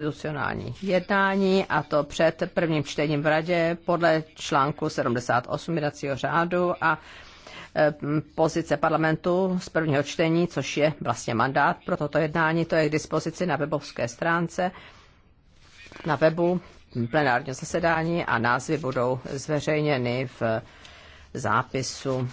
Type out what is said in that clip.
institucionální jednání a to před prvním čtením v radě podle článku 78 jednacího řádu a e, pozice parlamentu z prvního čtení, což je vlastně mandát pro toto jednání, to je k dispozici na webovské stránce, na webu plenárního zasedání a názvy budou zveřejněny v zápisu